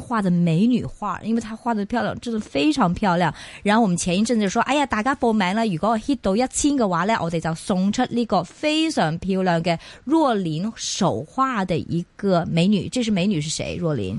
畫的美女畫，因為她畫得漂亮，真的非常漂亮。然後我們前一陣子就說，哎呀，大家報名了，如果 hit 到一千嘅話呢，我哋就送出呢個非常漂亮嘅若琳手畫的一個美女。這是美女是誰？若琳。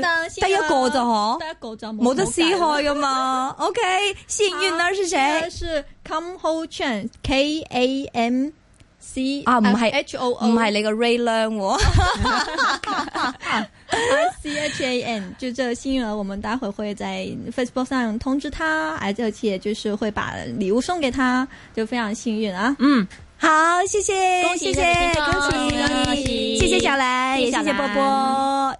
得一個就好，得一個就冇得撕開噶嘛。OK，幸運兒是誰？是 Come Ho l d Chan，K A M C 啊，唔係 H O，唔係你個 Ray 亮。C H A N 就即係幸運兒，我們待會會在 Facebook 上通知他，而且就是會把禮物送給他，就非常幸運啊。嗯，好，謝謝，恭喜恭喜恭喜，謝謝小雷，謝謝波波。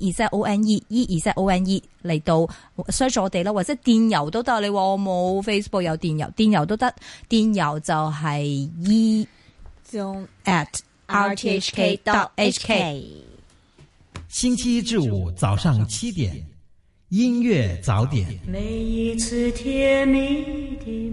ezone，ezone 嚟到 search 我哋啦，或者電郵都得，你話我冇 Facebook 有電郵，電郵都得，電郵就係 e 將 at r t h k dot h k。H k h k 星期一至五早上七點，音樂早點。每一次甜蜜的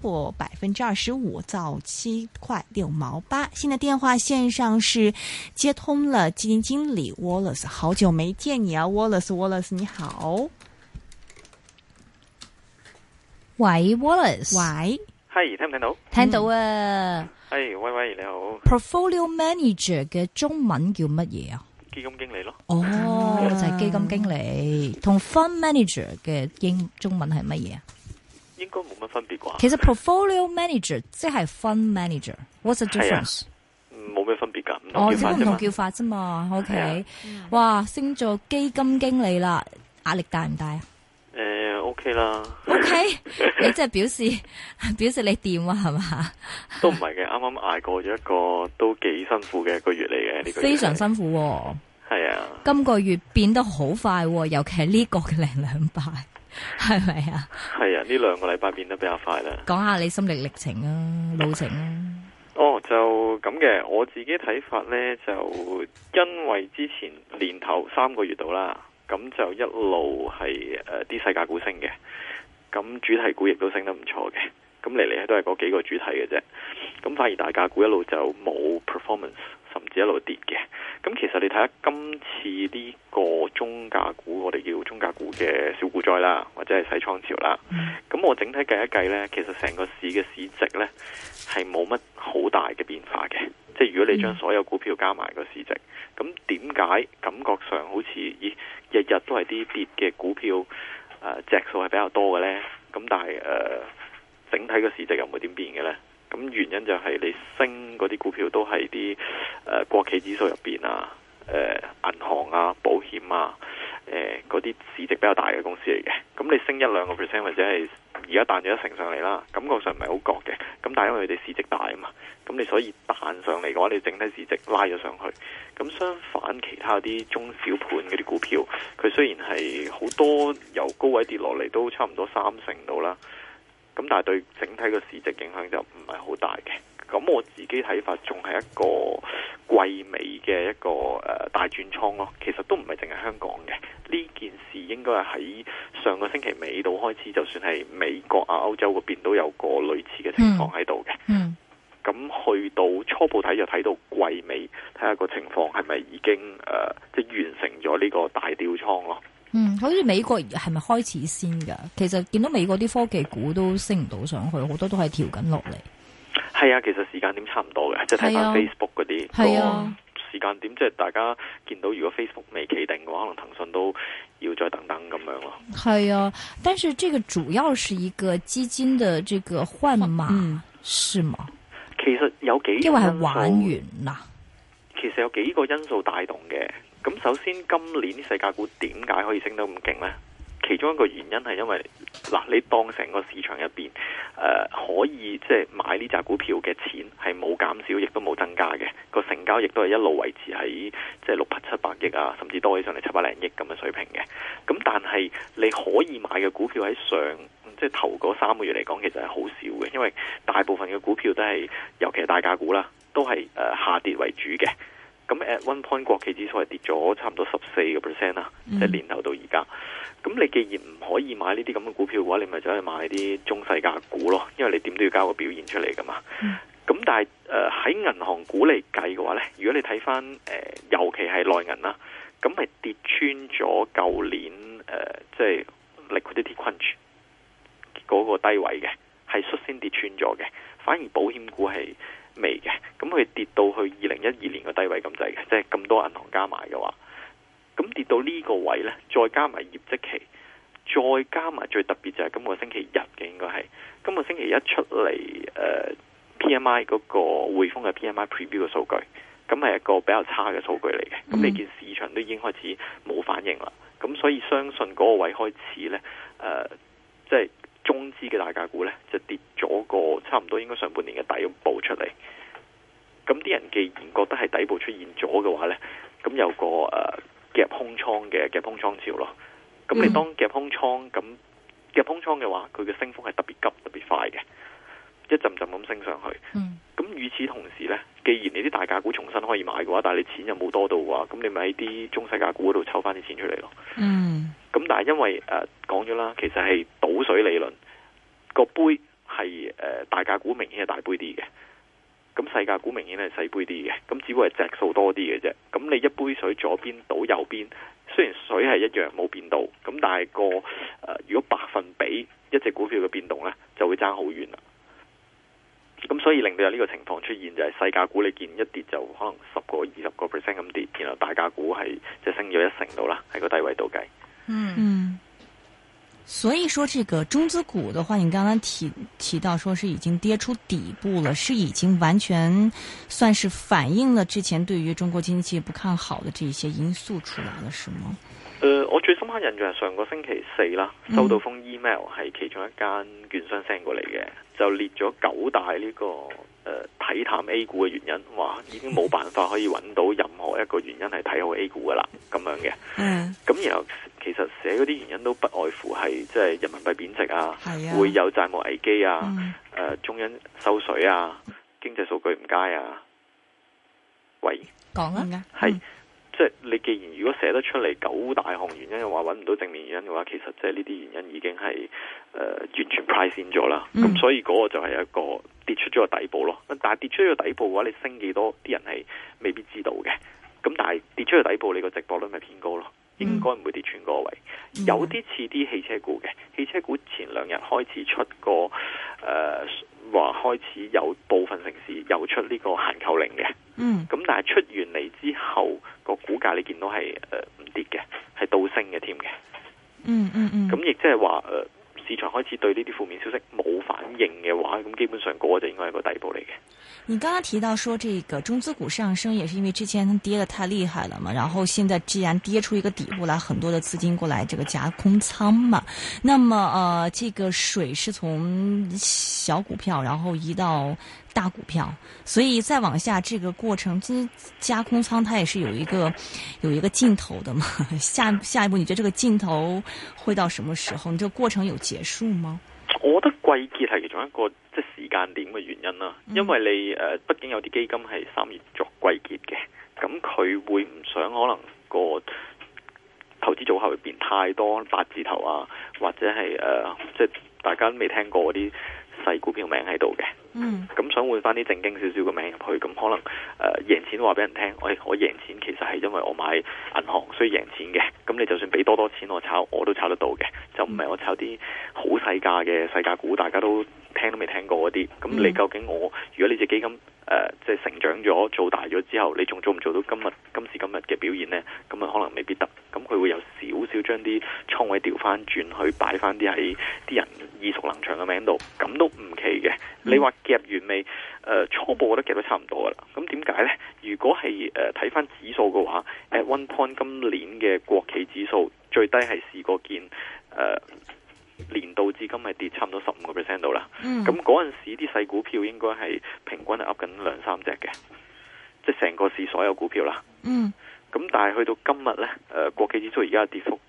過百分之二十五，到七塊六毛八。現在電話線上是接通了基金經理 Wallace，好久沒見你啊，Wallace，Wallace，你好。喂，Wallace，喂，嗨，喂 Hi，聽唔聽到？聽到啊。哎、嗯，hey，喂，喂，你好。Portfolio Manager 嘅中文叫乜嘢啊？基金經理咯。哦，oh，就係基金經理。同、嗯、Fund Manager 嘅英中文係乜嘢啊？應該冇乜分別啩？其實 portfolio manager 即係 fund manager，what's the difference？冇咩、啊、分別噶？哦，只唔同叫法啫嘛，OK、啊。嗯、哇，升做基金經理啦，壓力大唔大啊？誒，OK 啦。OK，, okay? 你即係表示 表示你掂啊，係嘛？都唔係嘅，啱啱挨過咗一個都幾辛苦嘅一個月嚟嘅呢個。非常辛苦、哦。係啊。今個月變得好快、哦，尤其係呢個嘅零兩百。係咪啊？係啊！呢兩個禮拜變得比較快啦。講下你心理歷程啊，路程啊。 哦，就咁嘅。我自己睇法呢，就因為之前年頭三個月度啦，咁就一路係誒啲世界股升嘅，咁主題股亦都升得唔錯嘅。咁嚟嚟去都係嗰幾個主題嘅啫。咁反而大價股一路就冇 performance。甚至一路跌嘅，咁其實你睇下今次呢個中價股，我哋叫中價股嘅小股災啦，或者係洗倉潮啦。咁我整體計一計呢，其實成個市嘅市值呢，係冇乜好大嘅變化嘅。即係如果你將所有股票加埋個市值，咁點解感覺上好似咦日日都係啲跌嘅股票，誒隻數係比較多嘅呢？咁但係誒、呃、整體個市值又唔會點變嘅呢？咁原因就係你升嗰啲股票都係啲誒國企指數入邊啊，誒、呃、銀行啊、保險啊，誒嗰啲市值比較大嘅公司嚟嘅。咁你升一兩個 percent 或者係而家彈咗一成上嚟啦，感覺上唔係好覺嘅。咁但係因為佢哋市值大啊嘛，咁你所以彈上嚟嘅話，你整體市值拉咗上去。咁相反，其他啲中小盤嗰啲股票，佢雖然係好多由高位跌落嚟，都差唔多三成到啦。咁但係對整體嘅市值影響就唔係好大嘅。咁我自己睇法仲係一個季尾嘅一個誒，大轉倉咯。其實都唔係淨係香港嘅。呢件事應該係喺上個星期尾度開始，就算係美國啊、歐洲嗰邊都有個類似嘅情況喺度嘅。咁、嗯嗯、去到初步睇就睇到季尾，睇下個情況係咪已經誒即、呃就係、完成咗呢個大調倉咯。嗯，好似美國係咪開始先噶？其實見到美國啲科技股都升唔到上去，好多都係調緊落嚟。係啊，其實時間點差唔多嘅，即係睇翻 Facebook 嗰啲啊時間點，即係大家見到如果 Facebook 未企定嘅話，可能騰訊都要再等等咁樣咯。係啊，但是這個主要是一個資金的這個換馬，嗯、是嗎？其實有幾個因素，因為係玩完啦。其實有幾個因素帶動嘅。咁首先，今年啲細價股點解可以升得咁勁咧其中一個原因係因為嗱，你當成個市場入邊誒可以即係、就是、買呢扎股票嘅錢係冇減少，亦都冇增加嘅。個成交亦都係一路維持喺即係六七七百億啊，甚至多起上嚟七百零億咁嘅水平嘅。咁但係你可以買嘅股票喺上，即係頭嗰三個月嚟講，其實係好少嘅，因為大部分嘅股票都係，尤其係大價股啦，都係誒、呃、下跌為主嘅。咁 at one point 國企指數係跌咗差唔多十四個 percent 啦，即係、就是、年頭到而家。咁你既然唔可以買呢啲咁嘅股票嘅話，你咪走去買啲中世價股咯，因為你點都要交個表現出嚟噶嘛。咁、mm. 但係喺、呃、銀行股嚟計嘅話咧，如果你睇翻、呃、尤其係內銀啦，咁係跌穿咗舊年即係、呃就是、liquidity crunch 嗰個低位嘅，係率先跌穿咗嘅。反而保險股係未嘅，咁佢跌到去二零一二年個低位咁滯嘅，即係咁多銀行加埋嘅話，咁跌到呢個位呢，再加埋業績期，再加埋最特別就係今個星期日嘅應該係今個星期一出嚟，誒、呃、P M I 嗰個匯豐嘅 P M I preview 嘅數據，咁係一個比較差嘅數據嚟嘅，咁你見市場都已經開始冇反應啦，咁所以相信嗰個位開始呢，誒、呃，即係。中資嘅大價股呢，就跌咗個差唔多，應該上半年嘅底部出嚟。咁啲人既然覺得係底部出現咗嘅話呢，咁有個誒、呃、夾空倉嘅夾空倉潮咯。咁你當夾空倉，咁、mm. 夾空倉嘅話，佢嘅升幅係特別急、特別快嘅，一陣陣咁升上去。嗯。咁與此同時呢，既然你啲大價股重新可以買嘅話，但係你錢又冇多到嘅話，咁你咪喺啲中細價股嗰度抽翻啲錢出嚟咯。嗯。Mm. 但係因為誒講咗啦，其實係倒水理論，個杯係誒、呃、大價股明顯係大杯啲嘅，咁細價股明顯係細杯啲嘅，咁只會係隻數多啲嘅啫。咁你一杯水左邊倒右邊，雖然水係一樣冇變到，咁但係個誒、呃、如果百分比一隻股票嘅變動咧，就會爭好遠啦。咁所以令到有呢個情況出現就係，細價股你見一跌就可能十個、二十個 percent 咁跌，然後大價股係即升咗一成度啦，喺個低位度計。嗯嗯，所以說這個中資股的話，你剛剛提提到說是已經跌出底部了，是已經完全算是反映了之前對於中國經濟不看好的這些因素出來了，是嗎？呃，我最深刻印象係上個星期四啦，收到封 email，係其中一間券商 send 過嚟嘅，就列咗九大呢個。誒，睇、呃、淡 A 股嘅原因，哇，已經冇辦法可以揾到任何一個原因係睇好 A 股噶啦，咁樣嘅。嗯的。咁然後其實寫嗰啲原因都不外乎係即係人民幣貶值啊，的會有債務危機啊，誒、嗯呃，中央收水啊，經濟數據唔佳啊。喂，講啦吧。係的。嗯即係你，既然如果寫得出嚟九大項原因又話揾唔到正面原因嘅話，其實即係呢啲原因已經係誒、呃、完全 pricing 咗啦。咁、mm. 所以嗰個就係一個跌出咗個底部咯。但係跌出咗個底部嘅話，你升幾多啲人係未必知道嘅。咁但係跌出個底部，你個值博率咪偏高咯？應該唔會跌穿個位，有啲似啲汽車股嘅。汽車股前兩日開始出過誒。呃話開始有部分城市有出呢個限購令嘅，嗯，咁但係出完嚟之後個股價你見到係誒唔跌嘅，係倒升嘅添嘅，嗯嗯嗯，咁亦即係話誒。市場開始對呢啲負面消息冇反應嘅話，咁基本上嗰個就應該係個底部嚟嘅。你剛剛提到說，這個中資股上升也是因為之前跌得太厲害了嘛，然後現在既然跌出一個底部來，很多的資金過來這個夾空倉嘛，那麼，呃，這個水是從小股票然後移到。大股票，所以再往下這個過程，即加空倉，它也是有一個有一個盡頭的嘛。下下一步，你覺得這個盡頭會到什麼時候？你這個過程有結束嗎？我覺得季結係其中一個即時間點嘅原因啦。因為你誒、嗯呃，畢竟有啲基金係三月作季結嘅，咁佢會唔想可能個投資組合會變太多八字頭啊，或者係誒、呃，即大家未聽過嗰啲。細股票名喺度嘅，咁、嗯、想換翻啲正經少少嘅名入去，咁可能誒贏、呃、錢話俾人聽，喂，我贏錢其實係因為我買銀行，所以贏錢嘅。咁你就算俾多多錢我炒，我都炒得到嘅，就唔係我炒啲好細價嘅世界股，大家都。聽都未聽過嗰啲，咁你究竟我，如果你隻基金，誒、呃，即、就、係、是、成長咗、做大咗之後，你仲做唔做到今日今時今日嘅表現呢？咁啊，可能未必得。咁佢會有少少將啲倉位調翻轉，去擺翻啲喺啲人耳熟能詳嘅名度，咁都唔奇嘅。你話夾完未？誒、呃，初步我覺得夾得差唔多啦。咁點解呢？如果係誒睇翻指數嘅話，At One Point 今年嘅國企指數最低係試過見誒。呃年度至今係跌差唔多十五個 percent 度啦，咁嗰陣時啲細股票應該係平均係 up 緊兩三隻嘅，即係成個市所有股票啦。嗯，咁但係去到今日呢，誒、呃，國企指數而家係跌幅，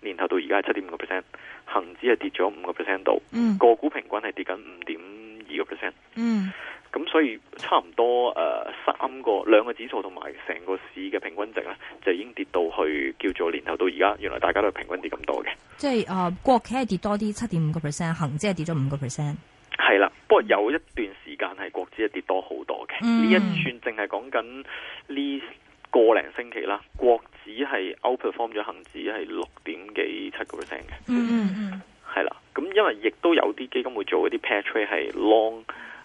年頭到而家係七點五個 percent，恒指係跌咗五個 percent 度，嗯，個股平均係跌緊五點。二個 percent，嗯，咁所以差唔多誒、呃，三個兩個指數同埋成個市嘅平均值咧，就已經跌到去叫做年頭到而家，原來大家都平均跌咁多嘅。即係誒、呃，國企係跌多啲，七點五個 percent，恒指係跌咗五個 percent。係啦，不過有一段時間係國指係跌多好多嘅，呢、嗯、一串淨係講緊呢個零星期啦，國指係 outperform 咗恒指係六點幾七個 percent 嘅。嗯嗯嗯。因為亦都有啲基金會做一啲 pair trade 係 long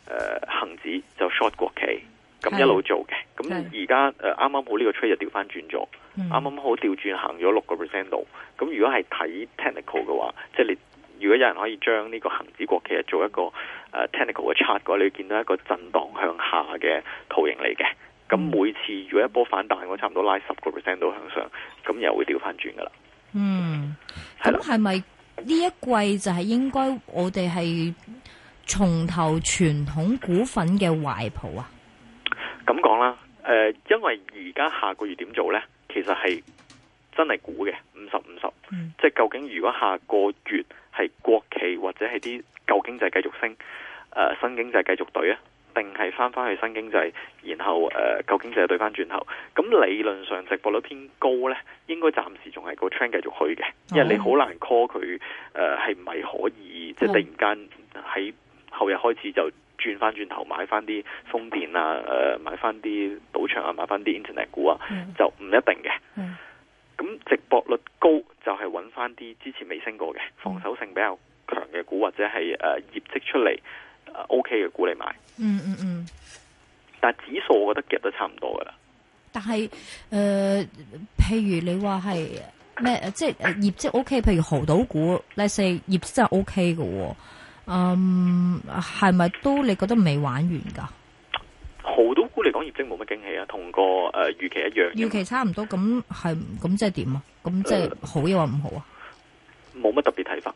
誒恒指就 short 國企咁一路做嘅，咁而家誒啱啱好呢個 trade 又調翻轉咗，啱啱、嗯、好調轉行咗六個 percent 度。咁如果係睇 technical 嘅話，即係你如果有人可以將呢個恒指國企做一個誒、呃、technical 嘅 chart 嘅話，你見到一個震蕩向下嘅圖形嚟嘅。咁每次、嗯、如果一波反彈，我差唔多拉十個 percent 度向上，咁又會調翻轉噶啦。嗯，咁係咪？呢一季就係應該我哋係重投傳統股份嘅懷抱啊？咁講啦，誒、呃，因為而家下個月點做呢？其實係真係估嘅五十五十，50, 50、嗯、即係究竟如果下個月係國企或者係啲舊經濟繼續升，誒、呃，新經濟繼續對啊？定係翻翻去新經濟，然後誒、呃，舊經濟對翻轉頭？咁理論上值博率偏高呢，應該暫時仲係個趨勢繼續去嘅，因為你好難 call 佢誒係唔係可以即係、嗯、突然間喺後日開始就轉翻轉頭買翻啲風電啊，誒、呃、買翻啲賭場啊，買翻啲 internet 股啊，嗯、就唔一定嘅。咁、嗯、值博率高就係揾翻啲之前未升過嘅防守性比較強嘅股，或者係誒、呃、業績出嚟。OK 嘅股嚟買，嗯嗯嗯，嗯嗯但係指數我覺得其實都差唔多噶啦。但係誒、呃，譬如你話係咩，即係、啊、業績 OK，譬如濠賭股呢四 業績真係 OK 嘅、哦，嗯，係咪都你覺得未玩完噶？濠賭股嚟講，業績冇乜驚喜啊，同個誒預、呃、期一樣，一樣，預期差唔多，咁係咁即係點啊？咁即係好，好啊，唔好啊？冇乜特別睇法。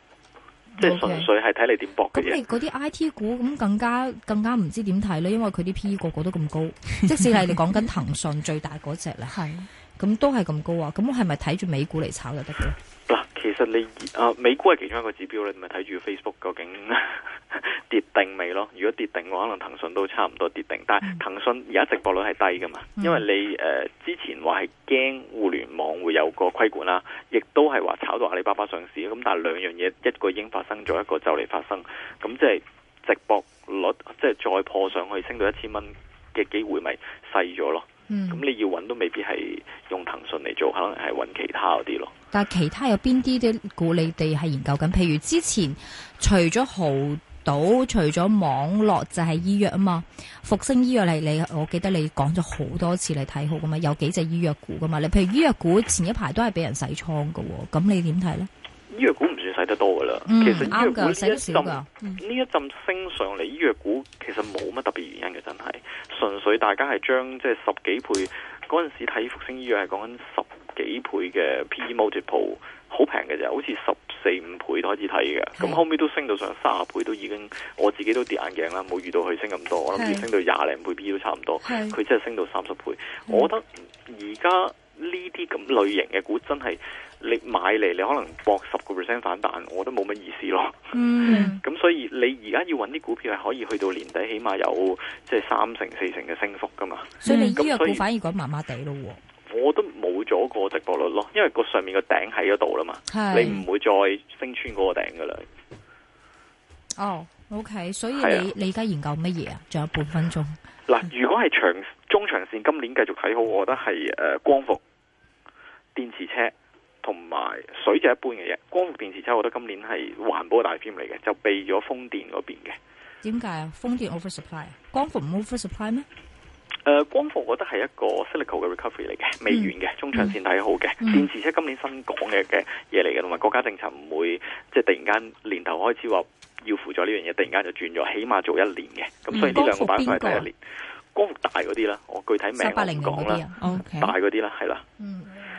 即係純粹係睇你點搏嘅咁、okay。你嗰啲 I T 股咁更加更加唔知點睇咧，因為佢啲 P E 個個都咁高。 即使係你講緊騰訊最大嗰隻呢，咁 都係咁高啊！咁我係咪睇住美股嚟炒就得嘅？嗱。 其實你誒、啊，美股係其中一個指標，你咪睇住 Facebook 究竟呵呵跌定未咯？如果跌定嘅話，可能騰訊都差唔多跌定。但係騰訊而家直播率係低噶嘛？因為你誒、呃、之前話係驚互聯網會有個規管啦，亦都係話炒到阿里巴巴上市。咁但係兩樣嘢，一個已經發生咗，一個就嚟發生。咁即係直播率即係再破上去升到一千蚊嘅機會咪細咗咯？嗯，咁你要揾都未必係用騰訊嚟做，可能係揾其他嗰啲咯。但係其他有邊啲啲股你哋係研究緊？譬如之前除咗豪賭，除咗網絡就係醫藥啊嘛。復星醫藥係你，我記得你講咗好多次你睇好噶嘛，有幾隻醫藥股噶嘛。你譬如醫藥股前一排都係俾人洗倉噶，咁你點睇咧？醫藥股使得多噶啦，其實醫藥股呢一浸，呢一浸升上嚟，醫藥股其實冇乜特別原因嘅，真係純粹大家係將即係十幾倍嗰陣時睇復星醫藥係講緊十幾倍嘅 PE multiple 好平嘅啫，好似十四五倍都開始睇嘅，咁後尾都升到上三十倍，都已經我自己都跌眼鏡啦，冇預到佢升咁多，我諗住升到廿零倍 PE 都差唔多，佢真係升到三十倍，我覺得而家呢啲咁類型嘅股真係。你買嚟，你可能博十個 percent 反彈，我都冇乜意思咯。嗯，咁所以你而家要搵啲股票係可以去到年底起碼，起碼有即係三成四成嘅升幅噶嘛。所以你呢隻股票反而講麻麻地咯。我都冇咗個直播率咯，因為個上面個頂喺嗰度啦嘛。是你唔會再升穿嗰個頂噶啦。哦，OK，所以你、啊、你而家研究乜嘢啊？仲有半分鐘。嗱，如果係長中長線，今年繼續睇好，我覺得係誒、呃、光伏、電池車。同埋水就一般嘅嘢，光伏電池車我覺得今年係環保大篇嚟嘅，就避咗風電嗰邊嘅。點解啊？風電 over supply，光伏唔 over supply 咩？誒，光伏我覺得係一個 cyclical 嘅 recovery 嚟嘅，未完嘅，中長線睇好嘅。電池車今年新講嘅嘅嘢嚟嘅，同埋國家政策唔會即係突然間年頭開始話要輔咗呢樣嘢，突然間就轉咗，起碼做一年嘅。咁所以呢兩個板塊係第一年，光伏大嗰啲啦，我具體名我唔講啦，大嗰啲啦，係啦。